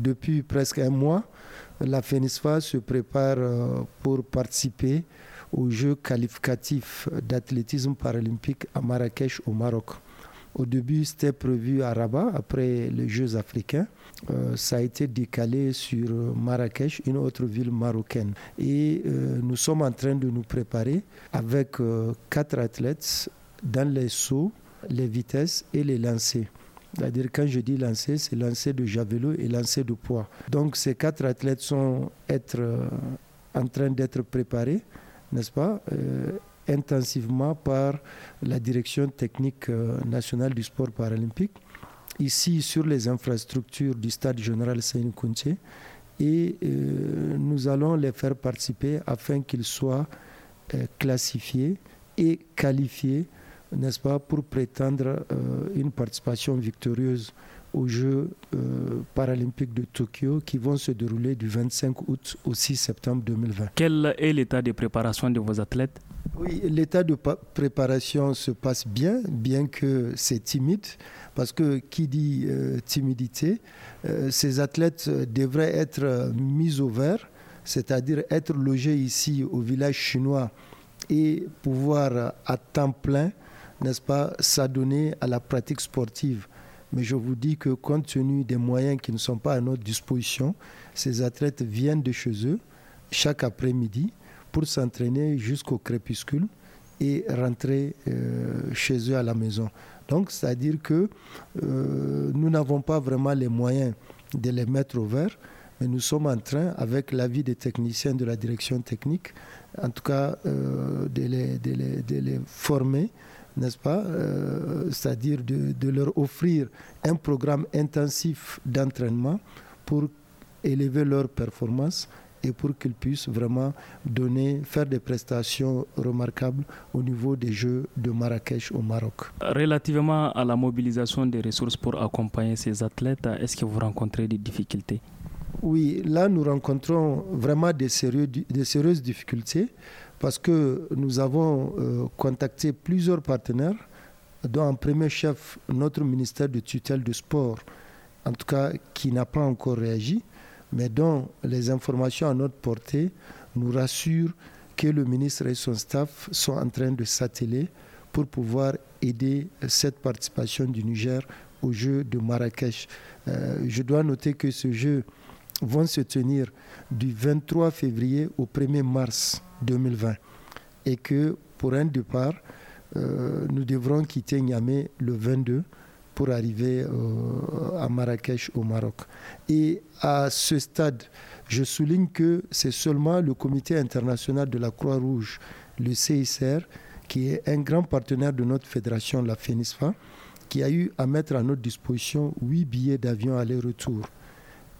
Depuis presque un mois, la FENISFA se prépare euh, pour participer aux Jeux qualificatifs d'athlétisme paralympique à Marrakech au Maroc. Au début, c'était prévu à Rabat, après les Jeux africains. Euh, ça a été décalé sur euh, Marrakech, une autre ville marocaine. Et nous sommes en train de nous préparer avec quatre athlètes dans les sauts, les vitesses et les lancers. C'est-à-dire, quand je dis lancer, c'est lancer de javelot et lancer de poids. Donc, ces quatre athlètes sont être, euh, en train d'être préparés, n'est-ce pas euh, intensivement par la direction technique euh, nationale du sport paralympique, ici sur les infrastructures du stade général saint Kounché, et nous allons les faire participer afin qu'ils soient classifiés et qualifiés n'est-ce pas, pour prétendre euh, une participation victorieuse aux Jeux euh, paralympiques de Tokyo qui vont se dérouler du 25 août au 6 septembre 2020. Quel est l'état de préparation de vos athlètes Oui, l'état de préparation se passe bien, bien que c'est timide, parce que qui dit euh, timidité, ces athlètes devraient être mis au vert, c'est-à-dire être logés ici au village chinois et pouvoir à temps plein n'est-ce pas, s'adonner à la pratique sportive. Mais je vous dis que compte tenu des moyens qui ne sont pas à notre disposition, ces athlètes viennent de chez eux chaque après-midi pour s'entraîner jusqu'au crépuscule et rentrer euh, chez eux à la maison. Donc, c'est-à-dire que euh, nous n'avons pas vraiment les moyens de les mettre au vert, mais nous sommes en train, avec l'avis des techniciens de la direction technique, en tout cas euh, de les former n'est-ce pas euh, C'est-à-dire de, leur offrir un programme intensif d'entraînement pour élever leur performance et pour qu'ils puissent vraiment donner, faire des prestations remarquables au niveau des Jeux de Marrakech au Maroc. Relativement à la mobilisation des ressources pour accompagner ces athlètes, est-ce que vous rencontrez des difficultés Oui, là nous rencontrons vraiment des, des sérieuses difficultés parce que nous avons euh, contacté plusieurs partenaires, dont en premier chef notre ministère de tutelle du sport, en tout cas qui n'a pas encore réagi, mais dont les informations à notre portée nous rassurent que le ministre et son staff sont en train de s'atteler pour pouvoir aider cette participation du Niger au jeu de Marrakech. Euh, je dois noter que ce jeu va se tenir du 23 février au 1er mars. 2020 et que pour un départ, euh, nous devrons quitter Niamey le 22 pour arriver euh, à Marrakech au Maroc. Et à ce stade, je souligne que c'est seulement le Comité international de la Croix-Rouge, le CICR, qui est un grand partenaire de notre fédération, la FENISFA, qui a eu à mettre à notre disposition huit billets d'avion aller-retour.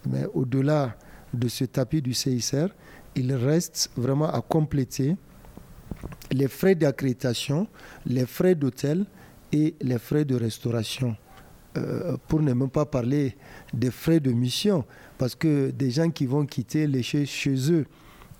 Mais au-delà de ce tapis du CICR, il reste vraiment à compléter les frais d'accréditation, les frais d'hôtel et les frais de restauration. Euh, pour ne même pas parler des frais de mission, parce que des gens qui vont quitter les chez, chez eux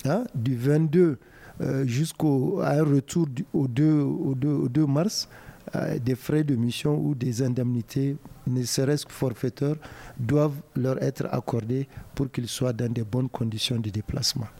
hein, du 22 euh, jusqu'au un retour au, 2, au, 2, mars, euh, des frais de mission ou des indemnités, ne serait-ce que forfaiteurs, doivent leur être accordés pour qu'ils soient dans de bonnes conditions de déplacement.